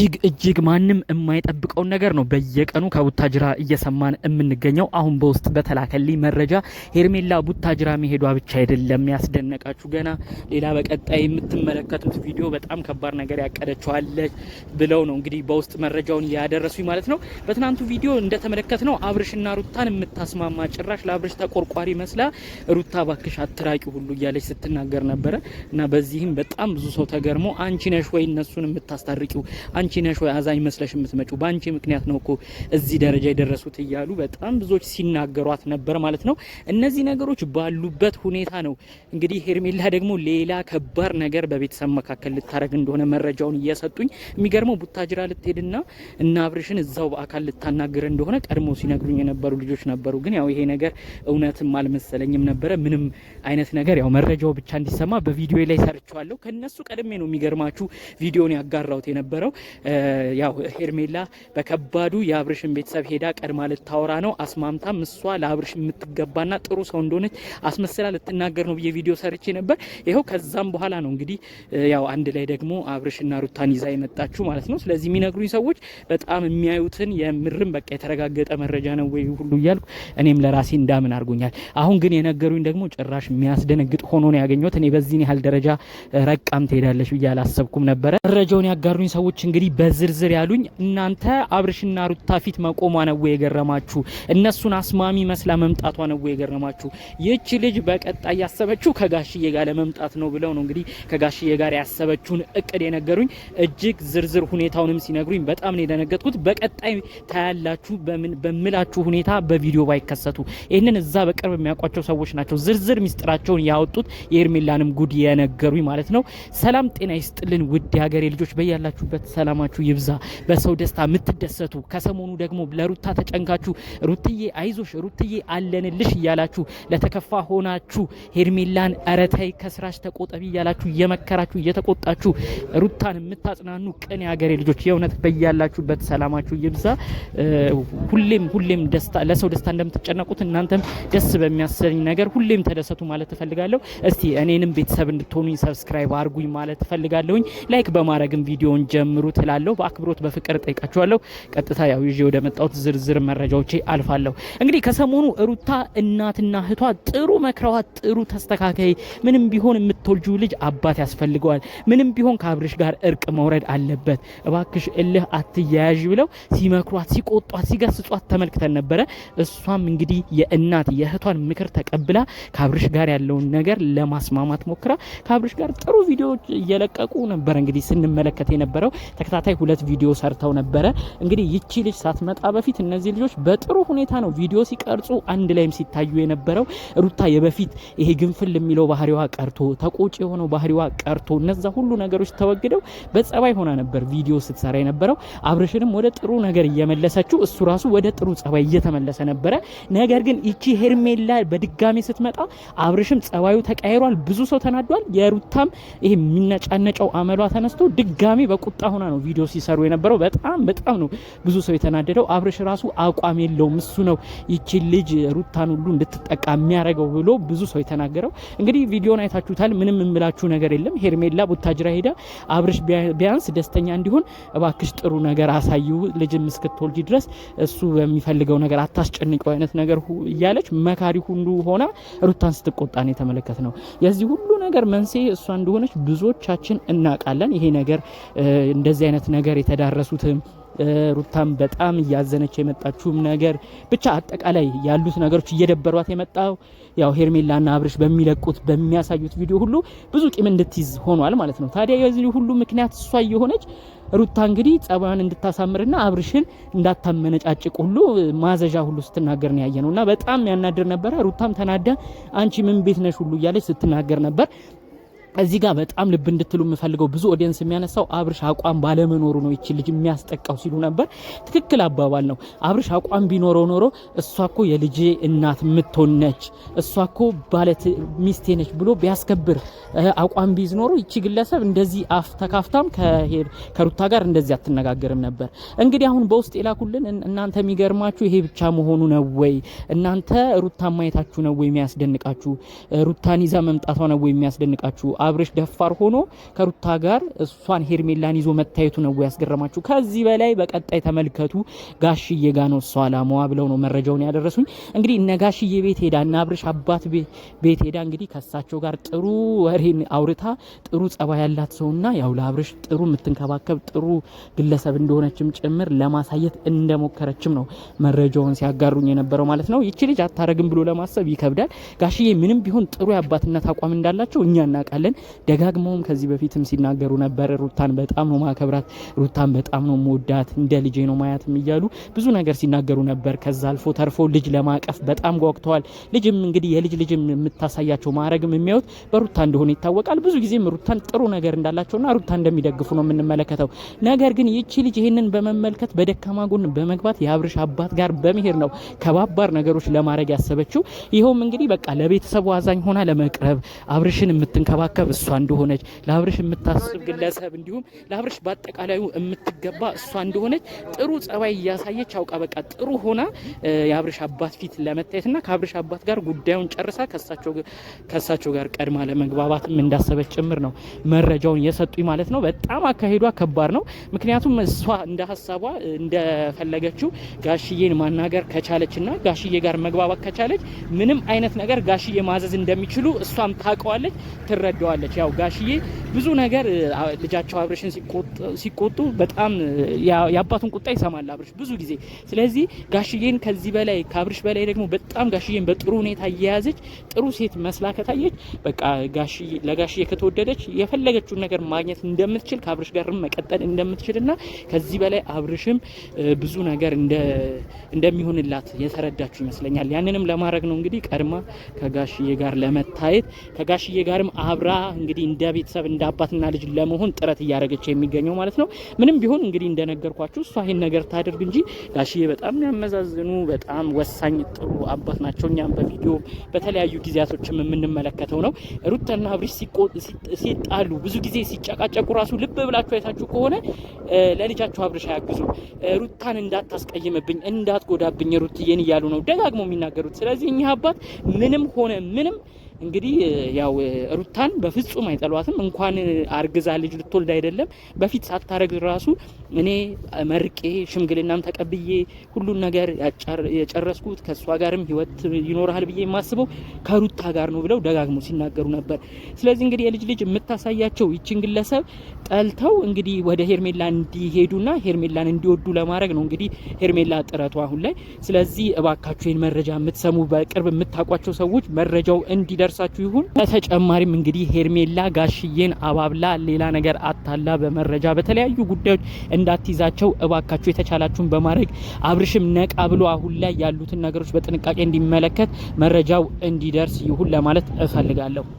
እጅግ እጅግ ማንም የማይጠብቀውን ነገር ነው በየቀኑ ከቡታጅራ እየሰማን የምንገኘው። አሁን በውስጥ በተላከልኝ መረጃ ሄርሜላ ቡታጅራ መሄዷ ብቻ አይደለም ያስደነቃችሁ፣ ገና ሌላ በቀጣይ የምትመለከቱት ቪዲዮ በጣም ከባድ ነገር ያቀደችዋለች ብለው ነው እንግዲህ በውስጥ መረጃውን ያደረሱኝ ማለት ነው። በትናንቱ ቪዲዮ እንደተመለከት ነው አብርሽና ሩታን የምታስማማ ጭራሽ ለአብርሽ ተቆርቋሪ መስላ ሩታ ባክሽ አትራቂ ሁሉ እያለች ስትናገር ነበረ እና በዚህም በጣም ብዙ ሰው ተገርሞ አንቺ ነሽ ወይ እነሱን የምታስታርቂው አንቺ ነሽ ወይ አዛኝ መስለሽ የምትመጪው? በአንቺ ምክንያት ነው እኮ እዚህ ደረጃ የደረሱት እያሉ በጣም ብዙዎች ሲናገሯት ነበር ማለት ነው። እነዚህ ነገሮች ባሉበት ሁኔታ ነው እንግዲህ ሄርሜላ ደግሞ ሌላ ከባድ ነገር በቤተሰብ መካከል ልታደረግ እንደሆነ መረጃውን እየሰጡኝ የሚገርመው ቡታጅራ ልትሄድና እና አብርሽን እዛው በአካል ልታናግር እንደሆነ ቀድሞ ሲነግሩኝ የነበሩ ልጆች ነበሩ። ግን ያው ይሄ ነገር እውነትም አልመሰለኝም ነበረ። ምንም አይነት ነገር ያው መረጃው ብቻ እንዲሰማ በቪዲዮ ላይ ሰርቸዋለሁ። ከነሱ ቀድሜ ነው የሚገርማችሁ ቪዲዮን ያጋራሁት የነበረው ያው ሄርሜላ በከባዱ የአብርሽን ቤተሰብ ሄዳ ቀድማ ልታወራ ነው። አስማምታም እሷ ለአብርሽ የምትገባና ጥሩ ሰው እንደሆነች አስመስላ ልትናገር ነው ብዬ ቪዲዮ ሰርቼ ነበር። ይኸው ከዛም በኋላ ነው እንግዲህ ያው አንድ ላይ ደግሞ አብርሽና ሩታን ይዛ የመጣችሁ ማለት ነው። ስለዚህ የሚነግሩኝ ሰዎች በጣም የሚያዩትን የምርም በቃ የተረጋገጠ መረጃ ነው ወይ ሁሉ እያልኩ እኔም ለራሴ እንዳምን አድርጎኛል። አሁን ግን የነገሩኝ ደግሞ ጭራሽ የሚያስደነግጥ ሆኖ ነው ያገኘሁት። እኔ በዚህን ያህል ደረጃ ረቃም ትሄዳለች ብዬ አላሰብኩም ነበረ። መረጃውን ያጋሩኝ ሰዎች እንግዲህ እንግዲህ በዝርዝር ያሉኝ እናንተ አብርሽና ሩታ ፊት መቆሟ ነው የገረማችሁ፣ እነሱን አስማሚ መስላ መምጣቷ ነው የገረማችሁ፣ ይህች ልጅ በቀጣይ ያሰበችው ከጋሽዬ ጋር ለመምጣት ነው ብለው ነው እንግዲህ ከጋሽዬ ጋር ያሰበችውን እቅድ የነገሩኝ። እጅግ ዝርዝር ሁኔታውንም ሲነግሩኝ በጣም ነው የደነገጥኩት። በቀጣይ ታያላችሁ በምላችሁ ሁኔታ በቪዲዮ ባይከሰቱ ይህንን እዛ በቅርብ የሚያውቋቸው ሰዎች ናቸው ዝርዝር ሚስጥራቸውን ያወጡት የኤርሜላንም ጉድ የነገሩኝ ማለት ነው። ሰላም ጤና ይስጥልን ውድ የሀገሬ ልጆች በያላችሁበት ሰላም ሰላማችሁ ይብዛ፣ በሰው ደስታ የምትደሰቱ ከሰሞኑ ደግሞ ለሩታ ተጨንቃችሁ ሩትዬ አይዞሽ ሩትዬ አለንልሽ እያላችሁ ለተከፋ ሆናችሁ ሄርሜላን እረተይ ከስራሽ ተቆጠቢ እያላችሁ እየመከራችሁ እየተቆጣችሁ ሩታን የምታጽናኑ ቅን የሀገሬ ልጆች የእውነት በያላችሁበት ሰላማችሁ ይብዛ። ሁሌም ሁሌም ደስታ ለሰው ደስታ እንደምትጨነቁት እናንተም ደስ በሚያሰኝ ነገር ሁሌም ተደሰቱ ማለት እፈልጋለሁ። እስቲ እኔንም ቤተሰብ እንድትሆኑኝ ሰብስክራይብ አድርጉኝ ማለት እፈልጋለሁኝ። ላይክ በማድረግም ቪዲዮን ጀምሩት። ትላለሁ። በአክብሮት በፍቅር ጠይቃችኋለሁ። ቀጥታ ያው ይዤ ወደ መጣሁት ዝርዝር መረጃዎቼ አልፋለሁ። እንግዲህ ከሰሞኑ ሩታ እናትና እህቷ ጥሩ መክረዋት፣ ጥሩ ተስተካካይ፣ ምንም ቢሆን የምትወልጁ ልጅ አባት ያስፈልገዋል፣ ምንም ቢሆን ከአብርሽ ጋር እርቅ መውረድ አለበት፣ እባክሽ እልህ አትያያዥ ብለው ሲመክሯት፣ ሲቆጧት፣ ሲገስጿት ተመልክተን ነበረ። እሷም እንግዲህ የእናት የእህቷን ምክር ተቀብላ ከአብርሽ ጋር ያለውን ነገር ለማስማማት ሞክራ ከአብርሽ ጋር ጥሩ ቪዲዮዎች እየለቀቁ ነበር እንግዲህ ስንመለከት የነበረው በተከታታይ ሁለት ቪዲዮ ሰርተው ነበረ። እንግዲህ ይቺ ልጅ ሳትመጣ በፊት እነዚህ ልጆች በጥሩ ሁኔታ ነው ቪዲዮ ሲቀርጹ አንድ ላይም ሲታዩ የነበረው። ሩታ የበፊት ይሄ ግንፍል የሚለው ባህሪዋ ቀርቶ ተቆጭ የሆነው ባህሪዋ ቀርቶ እነዛ ሁሉ ነገሮች ተወግደው በጸባይ ሆና ነበር ቪዲዮ ስትሰራ የነበረው። አብርሽንም ወደ ጥሩ ነገር እየመለሰችው እሱ ራሱ ወደ ጥሩ ጸባይ እየተመለሰ ነበረ። ነገር ግን ይቺ ሄርሜላ በድጋሚ ስትመጣ አብርሽም ጸባዩ ተቀይሯል፣ ብዙ ሰው ተናዷል። የሩታም ይሄ የሚነጫነጨው አመሏ ተነስቶ ድጋሚ በቁጣ ሆና ነው ቪዲዮ ሲሰሩ የነበረው። በጣም በጣም ነው ብዙ ሰው የተናደደው። አብርሽ ራሱ አቋም የለውም እሱ ነው ይቺ ልጅ ሩታን ሁሉ እንድትጠቃ የሚያደርገው ብሎ ብዙ ሰው የተናገረው። እንግዲህ ቪዲዮን አይታችሁታል። ምንም የምላችሁ ነገር የለም። ሄርሜላ ቡታጅራ ሄዳ አብርሽ ቢያንስ ደስተኛ እንዲሆን እባክሽ ጥሩ ነገር አሳይው ልጅም እስክትወልጂ ድረስ እሱ በሚፈልገው ነገር አታስጨንቀው አይነት ነገር እያለች መካሪ ሁሉ ሆና ሩታን ስትቆጣ ነው የተመለከት ነው የዚህ ሁሉ ነገር መንስኤ እሷ እንደሆነች ብዙዎቻችን እናውቃለን። ይሄ ነገር እንደዚህ አይነት ነገር የተዳረሱትም ሩታም በጣም እያዘነች የመጣችውም ነገር ብቻ አጠቃላይ ያሉት ነገሮች እየደበሯት የመጣው ያው ሄርሜላና አብርሽ በሚለቁት በሚያሳዩት ቪዲዮ ሁሉ ብዙ ቂም እንድትይዝ ሆኗል ማለት ነው። ታዲያ የዚህ ሁሉ ምክንያት እሷ እየሆነች ሩታ እንግዲህ ጸባዋን እንድታሳምርና አብርሽን እንዳታመነጫጭቅ ሁሉ ማዘዣ ሁሉ ስትናገር ነው ያየ ነው እና በጣም ያናድር ነበረ። ሩታም ተናዳ አንቺ ምን ቤት ነሽ ሁሉ እያለች ስትናገር ነበር። እዚህ ጋር በጣም ልብ እንድትሉ የምፈልገው ብዙ ኦዲየንስ የሚያነሳው አብርሽ አቋም ባለመኖሩ ነው ይችል ልጅ የሚያስጠቃው ሲሉ ነበር። ትክክል አባባል ነው። አብርሽ አቋም ቢኖረው ኖሮ እሷኮ የልጄ እናት የምትሆን ነች፣ እሷኮ ባለት ሚስቴ ነች ብሎ ቢያስከብር አቋም ቢይዝ ኖሮ ይቺ ግለሰብ እንደዚህ አፍ ተካፍታም ከሩታ ጋር እንደዚህ አትነጋገርም ነበር። እንግዲህ አሁን በውስጥ የላኩልን እናንተ የሚገርማችሁ ይሄ ብቻ መሆኑ ነው ወይ? እናንተ ሩታ ማየታችሁ ነው ወይ የሚያስደንቃችሁ? ሩታን ይዛ መምጣቷ ነው ወይ የሚያስደንቃችሁ? አብርሽ ደፋር ሆኖ ከሩታ ጋር እሷን ሄርሜላን ይዞ መታየቱ ነው ያስገረማችሁ። ከዚህ በላይ በቀጣይ ተመልከቱ። ጋሽዬ ጋ ነው እሷ አላማዋ ብለው ነው መረጃውን ያደረሱኝ። እንግዲህ እነ ጋሽዬ ቤት ሄዳ እና አብርሽ አባት ቤት ሄዳ እንግዲህ ከሳቸው ጋር ጥሩ ወሬን አውርታ ጥሩ ጸባይ ያላት ሰውና ያው ለአብርሽ ጥሩ የምትንከባከብ ጥሩ ግለሰብ እንደሆነችም ጭምር ለማሳየት እንደሞከረችም ነው መረጃውን ሲያጋሩኝ የነበረው ማለት ነው። ይቺ ልጅ አታረግም ብሎ ለማሰብ ይከብዳል። ጋሽዬ ምንም ቢሆን ጥሩ የአባትነት አቋም እንዳላቸው እኛ እናውቃለን። እናያለን። ደጋግመውም ከዚህ በፊትም ሲናገሩ ነበር፣ ሩታን በጣም ነው ማከብራት፣ ሩታን በጣም ነው መወዳት፣ እንደ ልጄ ነው ማያትም እያሉ ብዙ ነገር ሲናገሩ ነበር። ከዛ አልፎ ተርፎ ልጅ ለማቀፍ በጣም ጓጉተዋል። ልጅም እንግዲህ የልጅ ልጅም የምታሳያቸው ማረግም የሚያዩት በሩታ እንደሆነ ይታወቃል። ብዙ ጊዜም ሩታን ጥሩ ነገር እንዳላቸውና ሩታ እንደሚደግፉ ነው የምንመለከተው። ነገር ግን ይቺ ልጅ ይህንን በመመልከት በደካማ ጎን በመግባት የአብርሽ አባት ጋር በመሄድ ነው ከባባር ነገሮች ለማድረግ ያሰበችው። ይኸውም እንግዲህ በቃ ለቤተሰቡ አዛኝ ሆና ለመቅረብ አብርሽን የምትንከባከ የምትንከባከብ እሷ እንደሆነች ለአብርሽ የምታስብ ግለሰብ እንዲሁም ለአብርሽ በአጠቃላዩ የምትገባ እሷ እንደሆነች ጥሩ ጸባይ እያሳየች አውቃ በቃ ጥሩ ሆና የአብርሽ አባት ፊት ለመታየትና ከአብርሽ አባት ጋር ጉዳዩን ጨርሳ ከእሳቸው ጋር ቀድማ ለመግባባትም እንዳሰበች ጭምር ነው መረጃውን የሰጡኝ ማለት ነው። በጣም አካሄዷ ከባድ ነው። ምክንያቱም እሷ እንደ ሀሳቧ እንደፈለገችው ጋሽዬን ማናገር ከቻለችና ጋሽዬ ጋር መግባባት ከቻለች ምንም አይነት ነገር ጋሽዬ ማዘዝ እንደሚችሉ እሷም ታውቀዋለች፣ ትረዳዋለች። ትለዋለች። ያው ጋሽዬ ብዙ ነገር ልጃቸው አብርሽን ሲቆጡ በጣም የአባቱን ቁጣ ይሰማል አብርሽ ብዙ ጊዜ። ስለዚህ ጋሽዬን ከዚህ በላይ ከአብርሽ በላይ ደግሞ በጣም ጋሽዬን በጥሩ ሁኔታ እየያዘች ጥሩ ሴት መስላ ከታየች በቃ ለጋሽዬ ከተወደደች የፈለገችውን ነገር ማግኘት እንደምትችል ከአብርሽ ጋር መቀጠል እና ከዚህ በላይ አብርሽም ብዙ ነገር እንደሚሆንላት የተረዳችሁ ይመስለኛል። ያንንም ለማድረግ ነው እንግዲህ ቀድማ ከጋሽዬ ጋር ለመታየት ከጋሽዬ ጋርም አብራ እንግዲህ እንደ ቤተሰብ እንደ አባትና ልጅ ለመሆን ጥረት እያደረገች የሚገኘው ማለት ነው። ምንም ቢሆን እንግዲህ እንደነገርኳችሁ እሷ ይህን ነገር ታደርግ እንጂ ጋሽዬ በጣም የሚያመዛዝኑ በጣም ወሳኝ ጥሩ አባት ናቸው። እኛም በቪዲዮ በተለያዩ ጊዜያቶችም የምንመለከተው ነው። ሩታና አብርሽ ሲጣሉ ብዙ ጊዜ ሲጨቃጨቁ ራሱ ልብ ብላችሁ አይታችሁ ከሆነ ለልጃቸው አብርሽ አያግዙም። ሩታን እንዳታስቀይምብኝ እንዳትጎዳብኝ ሩትዬን እያሉ ነው ደጋግሞ የሚናገሩት። ስለዚህ እኚህ አባት ምንም ሆነ ምንም እንግዲህ ያው ሩታን በፍጹም አይጠሏትም። እንኳን አርግዛ ልጅ ልትወልድ አይደለም በፊት ሳታረግ ራሱ እኔ መርቄ ሽምግልናም ተቀብዬ ሁሉን ነገር የጨረስኩት ከእሷ ጋርም ህይወት ይኖርሃል ብዬ የማስበው ከሩታ ጋር ነው ብለው ደጋግሞ ሲናገሩ ነበር። ስለዚህ እንግዲህ የልጅ ልጅ የምታሳያቸው ይችን ግለሰብ ጠልተው እንግዲህ ወደ ሄርሜላ እንዲሄዱና ሄርሜላን እንዲወዱ ለማድረግ ነው እንግዲህ ሄርሜላ ጥረቱ አሁን ላይ። ስለዚህ እባካችሁ ይህን መረጃ የምትሰሙ በቅርብ የምታውቋቸው ሰዎች መረጃው እንዲደርስ የሚደርሳችሁ ይሁን። በተጨማሪም እንግዲህ ሄርሜላ ጋሽዬን አባብላ ሌላ ነገር አታላ በመረጃ በተለያዩ ጉዳዮች እንዳትይዛቸው እባካችሁ የተቻላችሁን በማድረግ አብርሽም ነቃ ብሎ አሁን ላይ ያሉትን ነገሮች በጥንቃቄ እንዲመለከት መረጃው እንዲደርስ ይሁን ለማለት እፈልጋለሁ።